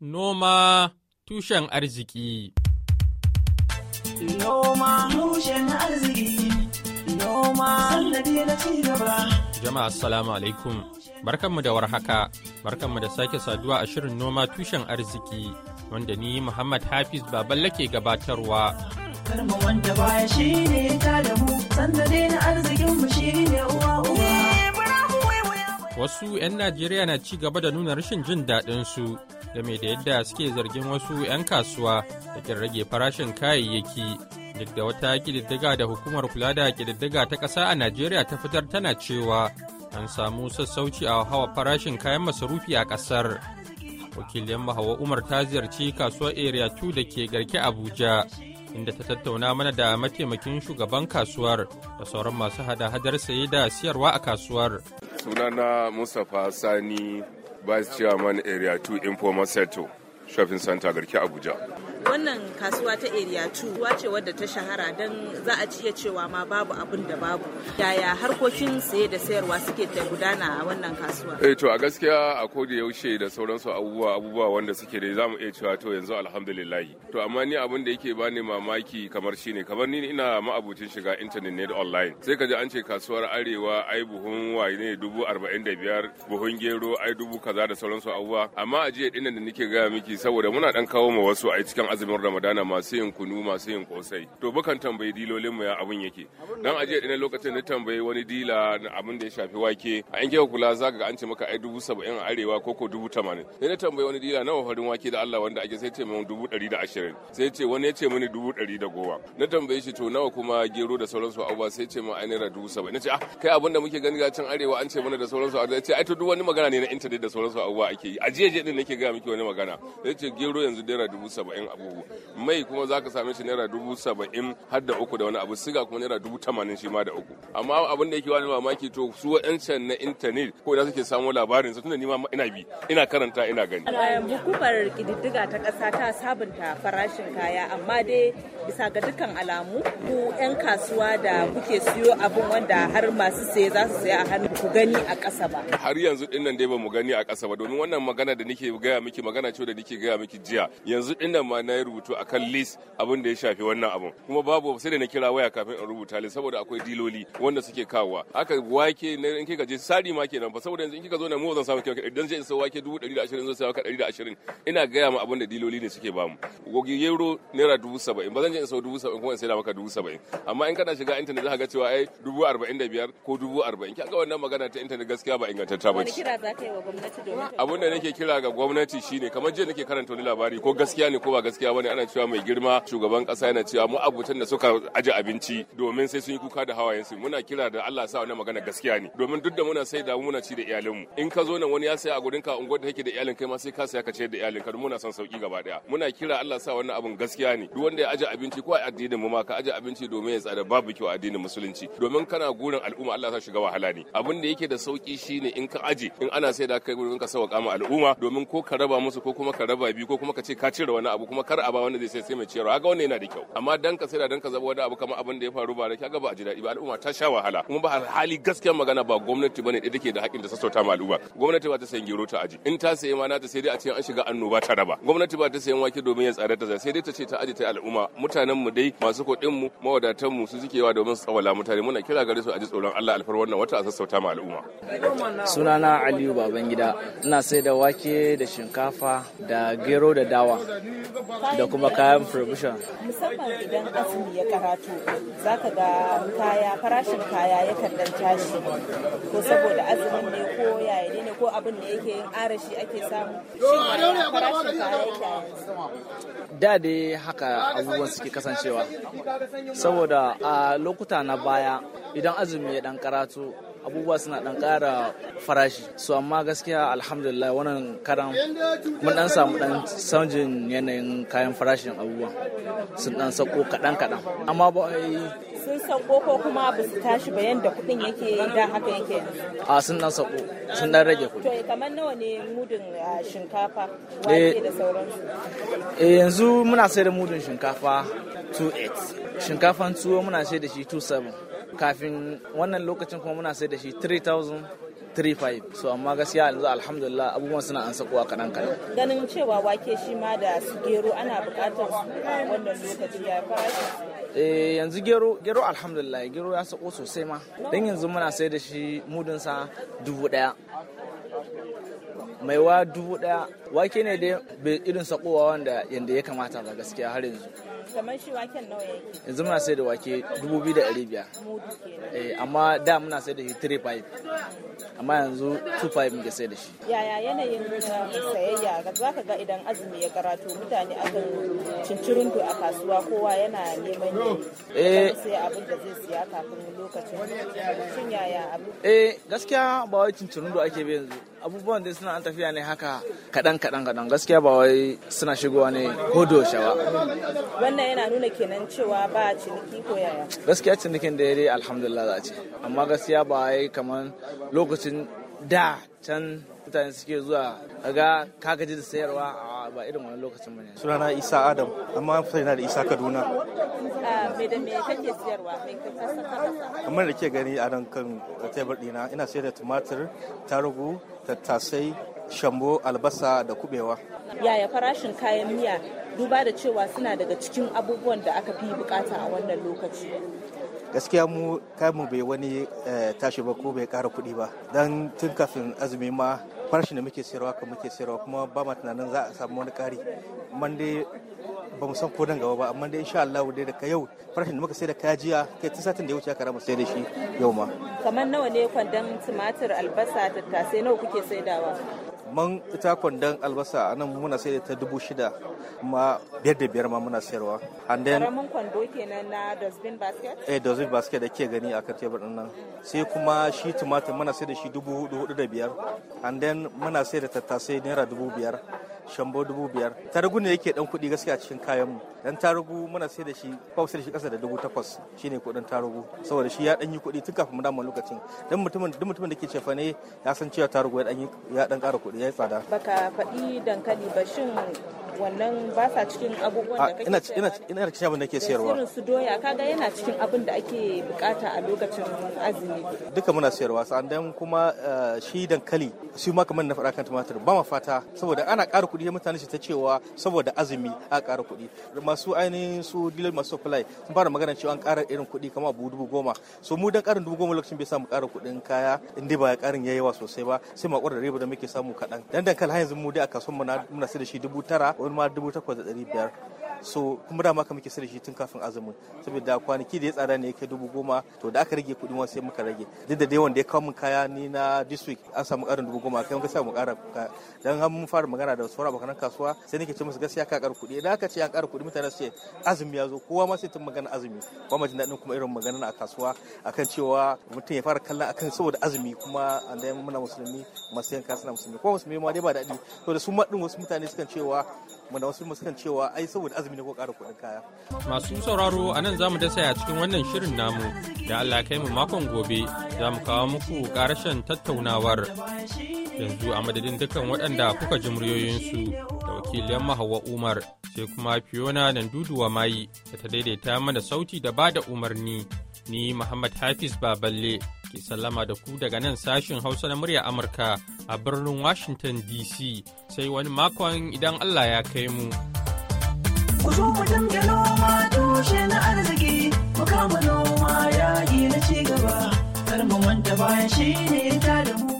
Noma tushen arziki Noma tushen Jama'a salamu alaikum barkanmu da warhaka barkanmu da sake saduwa a shirin noma tushen arziki wanda ni Muhammad Hafiz Baballe ke gabatarwa Wasu 'yan Najeriya na ci gaba da nuna rashin jin daɗinsu game da yadda suke zargin wasu 'yan kasuwa da kin rage farashin kayayyaki duk da wata ƙididdiga da hukumar kula da ƙididdiga ta ƙasa a najeriya ta fitar tana cewa an samu sassauci a hawa farashin kayan masarufi a ƙasar wakilin mahawa umar ta ziyarci kasuwar area 2 da ke garke abuja inda ta tattauna mana da mataimakin shugaban kasuwar da sauran masu hada-hadar saye da siyarwa a kasuwar sunana mustapha sani Vice Chairman Area 2 Informal Sector Shopping Center Garki Abuja. wannan kasuwa ta area 2 ruwa ce wadda ta shahara don za a ciye cewa ma babu abin da babu yaya harkokin saye da sayarwa suke ta gudana a wannan kasuwa eh to a gaskiya a koda yaushe da sauransu abubuwa abubuwa wanda suke da zamu iya cewa to yanzu alhamdulillah to amma ni abin da yake bani mamaki kamar shine kamar ni ina ma'abucin shiga internet ne online sai ka ji an ce kasuwar arewa ai buhun waye ne dubu arba'in da biyar buhun gero ai dubu kaza da sauransu abubuwa amma a jiya dinnan da nake gaya miki saboda muna dan kawo ma wasu a cikin azumin ramadana masu yin kunu masu yin kosai to bukan tambayi dilolin mu ya abun yake dan aje ina lokacin na tambayi wani dila na abin da ya shafi wake a an kika kula zaka ga an ce maka ai dubu saba'in a arewa ko ko dubu tamanin sai na tambayi wani dila nawa farin wake da Allah wanda ake sai ce min dubu ɗari da ashirin sai ce wani ya ce mini dubu ɗari da goma na tambaye shi to nawa kuma gero da sauransu abuwa sai ce min ai naira dubu saba'in na ce ah kai abin da muke gani can arewa an ce mana da sauransu abuwa ce ai to duk wani magana ne na intanet da sauransu abuwa ake yi aje aje din nake ga miki wani magana sai ce gero yanzu naira dubu saba'in abubu mai kuma za ka same shi naira dubu saba'in har da uku da wani abu siga kuma naira dubu tamanin shi ma da uku amma abin da yake wani mamaki to su can na intanet ko da suke samu labarin sa tunda ni ma ina bi ina karanta ina gani hukumar kididdiga ta ƙasa ta sabunta farashin kaya amma dai bisa ga dukkan alamu ku 'yan kasuwa da kuke siyo abin wanda har masu saye za su saya a hannu ku gani a ƙasa ba har yanzu nan dai ba mu gani a ƙasa ba domin wannan magana da nake gaya miki magana ce da nake gaya miki jiya yanzu nan ma na yi rubutu a kan list abin da ya shafi wannan abun kuma babu sai da na kira waya kafin in rubuta list saboda akwai diloli wanda suke kawowa aka wake na in kika je sari ma kenan fa saboda yanzu in kika zo na mu zan samu kika idan zai isa wake dubu ɗari da ashirin zan samu ka ɗari da ashirin ina gaya ma abin da diloli ne suke bamu gogi euro naira dubu saba'in ba zan je in sau dubu saba'in kuma in sai da maka dubu saba'in amma in kana shiga intanet zaka ga cewa ai dubu arba'in da biyar ko dubu arba'in ga wannan magana ta intanet gaskiya ba ingantatta ba ce. Abin da nake kira ga gwamnati shine kamar jiya nake karanta wani labari ko gaskiya ne ko ba gaskiya gaskiya bane ana cewa mai girma shugaban kasa yana cewa mu abutan da suka aji abinci domin sai sun yi kuka da hawayen su muna kira da Allah sa wannan magana gaskiya ne domin duk da muna sai da muna ci da mu in ka zo nan wani ya sai a gurin ka unguwar da kake da iyalin kai ma sai ka saya ka ciyar da iyalin ka muna son sauki gaba daya muna kira Allah sa wannan abun gaskiya ne duk wanda ya aji abinci ko a addinin mu ma ka aji abinci domin ya tsada babu kyau a addinin musulunci domin kana gurin al'umma Allah sa shiga wahala ne abin da yake da sauki shine in ka aji in ana sai da kai gurin ka sauka ma al'umma domin ko ka raba musu ko kuma ka raba biyu ko kuma ka ce ka cire wani abu kuma kar a ba wanda zai sai sai mai ciyarwa haka wanda yana da kyau amma dan ka sai da dan ka zaba wani abu kamar abin da ya faru ba da ga ba a ji daɗi ba al'umma ta sha wahala kuma ba hali gaskiyar magana ba gwamnati bane da take da haƙin da sassauta ma al'umma gwamnati ba ta sayan gero ta aji in ta sayi ma na ta sai dai a ce an shiga annoba ta raba gwamnati ba ta sayan wake domin ya tsare ta sai dai ta ce ta aji ta al'umma mutanen mu dai masu kuɗin mu mawadatan mu su suke wa domin su tsawala mutane muna kira gare su a ji tsoron Allah alfar wannan wata a sassauta ma al'umma sunana Aliyu Babangida ina sai da wake da shinkafa da gero da dawa da kuma kayan furbushan. musamman idan azumi ya karato za ka ga kaya farashin kaya ya dan tashi ko saboda azumin ne ko yayi ne ko abin da yake yin arashi ake samu shi farashin kaya da dai haka abubuwan suke kasancewa saboda a lokuta na baya idan azumi ya dan karatu abubuwa suna dan ƙara farashi so amma gaskiya alhamdulillah wannan karan mun dan samu dan sanjin yanayin kayan farashin abubuwa sun dan sako kaɗan kaɗan amma ba sun sako ko kuma ba su tashi ba yanda kudin yake da haka yake a sun dan sako sun dan rage kuɗi to kamar nawa ne mudun shinkafa eh, wani da sauransu eh yanzu muna sayar da mudun shinkafa 28 shinkafan tuwo muna sai da shi 27 kafin wannan lokacin kuma muna sai da shi 3,035 so amma gaskiya yanzu alhamdulillah abubuwan suna an sakuwa kaɗan kaɗan. ganin cewa wake shi ma da su gero ana buƙatar su a wannan lokaci ya fara eh, yanzu gero gero alhamdulillah gero ya sako sosai ma dan yanzu muna sai da shi mudun dubu ɗaya mai wa dubu daya wake ne dai bai irin sakowa wanda yadda ya kamata ba gaskiya har yanzu kamar shi waken nawa yake yanzu muna sai da wake dubu biyu da ɗari biyar eh, amma da muna sai da shi three five amma yanzu two five muke sai da shi yaya yanayin eh, sayayya za ka ga idan azumi ya karatu mutane akan cincirundu a kasuwa kowa yana neman yin eh. sai abin da zai siya kafin lokacin shin yaya abu. eh gaskiya ba wai cincirundu ake bi yanzu abubuwan dai suna an tafi tafiya ne haka kaɗan kaɗan kaɗan gaskiya ba wai suna shigowa ne ko shawa. Wannan yana nuna kenan cewa ba ciniki ko yaya. Gaskiya cinikin da ya dai alhamdulillah za ce. Amma gaskiya ba wai kamar lokacin da can mutane suke zuwa kaga ka gaji da sayarwa ba irin wani lokacin bane sunana isa adam amma an fita da isa kaduna me da me kake sayarwa me ka kamar da ke gani a nan kan tebur dina ina sayar da tumatir tarugu tattasai shambo albasa da kubewa yaya farashin kayan miya duba da cewa suna daga cikin abubuwan da aka fi bukata a wannan lokaci gaskiya mu mu bai wani eh, tashi ba ko bai kara kuɗi ba don tun kafin azumi ma farashin da muke sayarwa kan muke sayarwa kuma ba ma tunanin za a samu wani ƙari man dai ba mu san ko nan gaba ba amma dai insha Allah dai daga yau farashin da muka sai da kajiya kai tun satin da ya wuce aka rama sai da shi yau ma kamar nawa ne kwandon tumatir albasa tattasai nawa kuke saidawa man ita kwandon albasa a nan muna da ta dubu shida ma biyar da biyar ma muna sayarwa and then karamin kwando kenan na dustbin basket eh dustbin basket da ke gani a tebur din nan sai kuma shi tumatir muna sai da shi dubu hudu da biyar and then muna sai da tattasai naira dubu biyar shambo dubu biyar tarugu ne yake dan kuɗi gaskiya cikin kayan mu dan tarugu muna sai da shi ba sai da shi kasa da dubu takwas shine kuɗin tarugu saboda shi ya dan yi kuɗi tun kafin mu dama lokacin dan mutumin duk mutumin da ke cefa ne ya san cewa tarugu ya dan ya dan ƙara kuɗi ya yi tsada baka faɗi dankali ba shin wannan ba sa cikin abubuwan da kake ina ina da abin da ke sayarwa irin su doya kaga yana cikin abin da ake bukata a lokacin azumi duka muna sayarwa sannan kuma eh, shi dankali shi ma kamar na faɗa kan tumatir ba ma fata saboda ana ƙara kuɗi mutane su ta cewa saboda azumi a ƙara kuɗi masu ainihin su dealer masu supply sun fara magana cewa an ƙara irin kuɗi kamar abu dubu goma so mu dan ƙarin dubu goma lokacin bai samu ƙara kuɗin kaya in dai ba ƙarin yayi wa sosai ba sai makwar da riba da muke samu kaɗan dan dankali har yanzu mu dai a kasuwar mu muna sai da shi dubu tara in ma dubu takwas da ɗari biyar so kuma dama ka muke sirri tun kafin azumin saboda kwanaki da ya tsada ne yake dubu goma to da aka rage kuɗi ma sai muka rage duk da dai wanda ya kawo min kaya ni na this week an samu ƙarin dubu goma kai muka samu ƙara dan har mun fara magana da sauran abokan kasuwa sai nake ce musu gaskiya ka ƙara kuɗi idan aka ce an ƙara kuɗi mutane su ce azumi ya zo kowa ma sai tun magana azumi ba ma jin daɗin kuma irin magana a kasuwa akan cewa mutum ya fara kallon akan saboda azumi kuma an dai muna musulmi masu yanka suna musulmi kuma musulmi ma dai ba daɗi to da su ma wasu mutane sukan cewa muna wasu sukan cewa ai saboda azumi azumi ne ko ƙara kuɗin kaya. Masu sauraro a nan za mu da saya cikin wannan shirin namu da Allah kai mu makon gobe za mu kawo muku ƙarashen tattaunawar. Yanzu a madadin dukkan waɗanda kuka ji muryoyinsu da wakilin Mahawa Umar sai kuma Fiona duduwa Mayi da ta daidaita mana sauti da ba da umarni. Ni Muhammad Hafiz Baballe ke sallama da ku daga nan sashin Hausa na murya Amurka a birnin Washington DC sai wani makon idan Allah ya kai mu. ku zo mu dinga noma toshe na arziki mu kama noma ya na ci gaba kar mu manta baya shine ta da mu